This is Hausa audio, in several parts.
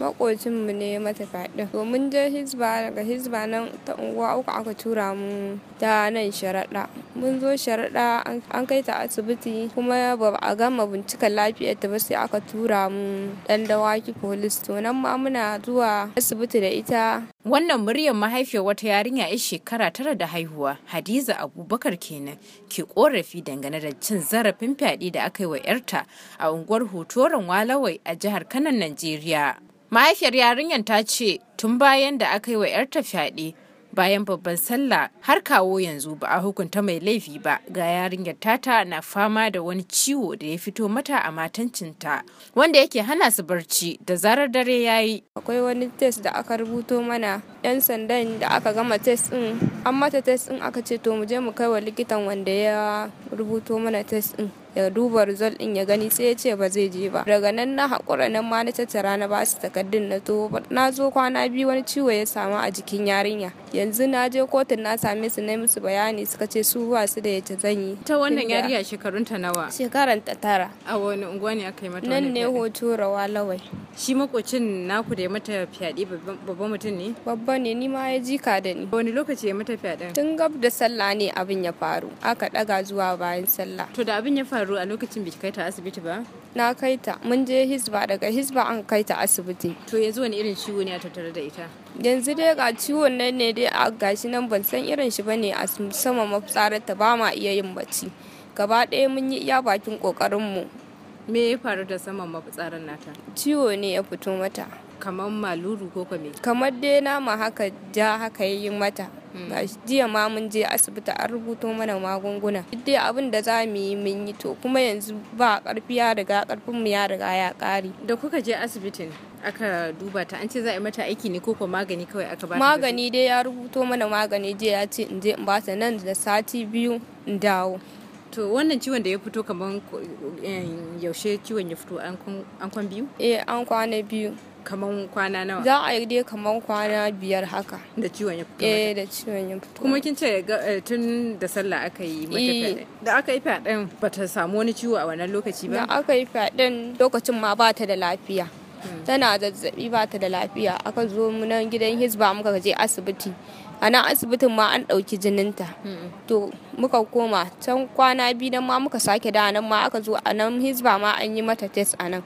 makocinmu ne mata fyaɗe to mun je hizba daga hizba nan ta unguwa uku aka tura mu ta nan sharaɗa mun zo sharaɗa an kai ta asibiti kuma ba a gama bincikan lafiyar ta ba sai aka tura mu ɗan dawaki polis to nan ma muna zuwa asibiti da ita wannan muryar mahaifiyar wata yarinya ya shekara tara da haihuwa hadiza abubakar kenan ke korafi dangane da cin zarafin fyaɗe da aka yi wa 'yarta a unguwar hutoron walawai a jihar kanan najeriya mahaifiyar yarinyar ta ce tun bayan da aka yi wa 'yarta fyaɗe bayan babban sallah har kawo yanzu ba a hukunta mai laifi ba ga yarinyar tata na fama da wani ciwo da ya fito mata a matancinta wanda yake hana su barci da zarar dare ya yi akwai wani test da aka rubuto mana yan sandan da aka gama test din an mata test din aka ce to mu je mu kai wa likitan wanda ya rubuto mana test din ya duba result din ya gani sai ya ce ba zai je ba daga nan na hakura nan ma na tattara na basu takardun na to na zo kwana biyu wani ciwo ya samu a jikin yarinya yanzu na je kotun na same su na musu bayani suka ce su ba su da yace zanyi ta wannan yarinya shekarun ta nawa shekaran ta tara a wani unguwa ne aka yi mata nan ne hoto rawa lawai shi makocin naku da ya mata fyaɗe babban mutum ne babba ne ni ma ya ka da ni wani lokaci ya mata fyaɗe. tun gab da sallah ne abin ya faru aka ɗaga zuwa bayan sallah to da abin ya faru faru a lokacin bai kai ta asibiti ba? Na kai ta. Mun je hisba daga hisba an kai ta asibiti. To yanzu wani irin ciwo ne a tattare da ita? Yanzu dai ga ciwon nan ne dai a gashi nan ban san irin shi bane a sama mafitsararta ba ma iya yin bacci. Gaba ɗaya mun yi iya bakin ƙoƙarinmu me ya faru da saman mafitsarar nata ciwo ne ya fito mata kamar maluru ko kwame kamar dai nama haka ja haka yi mata hmm. jiya ma mun je asibiti an rubuto mana magunguna dai abin da za mu yi mun yi to kuma yanzu ba karfi ya riga karfin mu ya riga ya kare da kuka je asibitin aka duba ta an ce za a yi mata aiki ne ko magani kawai aka ba magani dai ya rubuto mana magani je ya ce in je in ba ta nan da sati biyu in dawo to wannan ciwon da ya fito kamar eh, yaushe ciwon ya fito an kwan biyu eh an kwana biyu kaman kwana nawa za a yi dai kaman kwana biyar haka da ciwon ya fito eh da ciwon ya fito kuma kin ce eh, tun da sallah aka yi mata eh. da aka yi fadin bata samu wani ciwo a wannan lokaci ba da aka yi fadin lokacin ma ba ta da lafiya tana zazzabi ba ta da lafiya aka zo nan gidan hisba muka je asibiti a nan asibitin ma an ɗauki jininta to muka koma can kwana biyu nan ma muka sake da nan ma aka zo a nan hisba ma an yi mata test a nan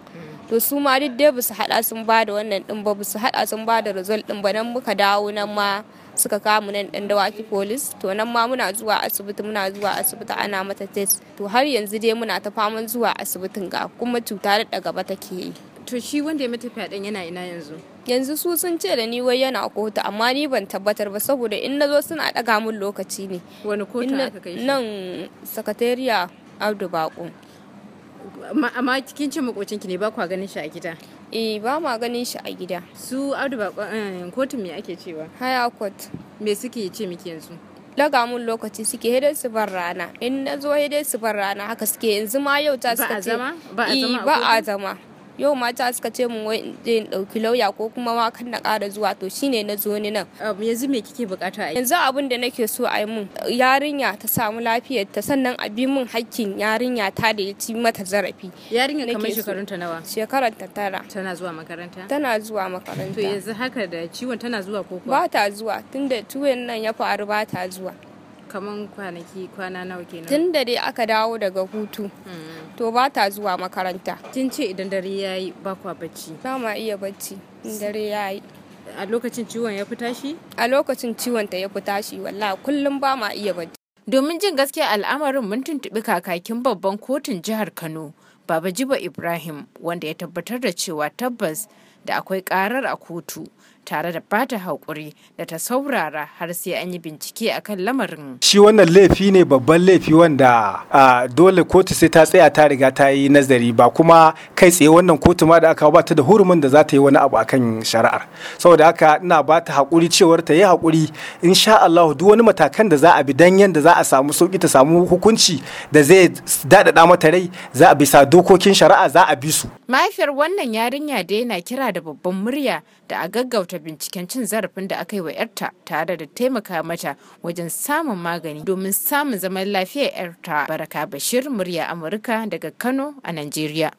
to su ma duk dai su hada sun ba da wannan din ba su hada sun ba da result din ba nan muka dawo nan ma suka kamu nan dan dawaki police to nan ma muna zuwa asibiti muna zuwa asibiti ana mata test to har yanzu dai muna ta faman zuwa asibitin ga kuma cuta da gaba take yi to shi wanda ya mata fyaɗen yana ina yanzu yanzu su sun ce da ni wai yana kota amma ni ban tabbatar ba saboda in na zo suna ɗaga min lokaci ne wani kota aka kai shi. nan sakatariya abdu bako amma kin ce ki ne ba kwa ganin shi a gida eh ba ma ganin shi a gida su abdu bako eh, kotun me ake cewa haya court me suke ce miki yanzu laga mun lokaci suke hidai su bar rana in na zo hidai su bar rana haka suke yanzu ma yau ta suka ce ba a zama ba a eh, zama yau mata suka ce mun wai in je in dauki lauya ko kuma ma kan na ƙara zuwa to shine na zo ni nan um, yanzu me kike bukata a yanzu abin da nake so a yi mun yarinya ta samu lafiyar ta sannan a bi mun hakkin yarinya ta da ya ci mata zarafi yarinya kamar shekarun ta nawa shekarar ta tara tana zuwa makaranta tana zuwa makaranta to yanzu haka da ciwon tana zuwa ko ba ta zuwa tunda tuwon nan ya faru ba ta zuwa kaman kwanaki kwana nawa kenan tun da dai aka dawo daga hutu mm. to ba ta zuwa makaranta kin ce idan dare yayi ba kwa bacci ba ma iya bacci dare dare yayi a lokacin ciwon ya fi tashi a lokacin ciwon ta ya fi tashi wallahi kullum ba ma iya bacci domin jin gaskiya al'amarin mun tuntuɓi kakakin babban kotun jihar Kano Baba jiba Ibrahim wanda ya tabbatar da cewa tabbas da akwai karar a kotu tare da bata haƙuri da ta saurara har sai an yi bincike a kan lamarin. Shi wannan laifi ne babban laifi wanda dole kotu sai ta tsaya ta riga ta yi nazari ba kuma kai tsaye wannan kotu ma da aka ba ta da hurumin da za ta yi wani abu akan shari'ar. Saboda haka ina ba ta haƙuri cewar ta yi haƙuri insha Allah duk wani matakan da za a bi dan yanda za a samu sauki ta samu hukunci da zai daɗaɗa mata rai za a bi sa dokokin shari'a za a bi su. Mahaifiyar wannan yarinya da yana kira da babban murya da a gaggauta binciken cin zarafin da aka yi wa 'yarta tare da taimaka mata wajen samun magani domin samun zaman lafiyar 'yarta. Baraka Bashir, murya Amurka daga Kano a Najeriya.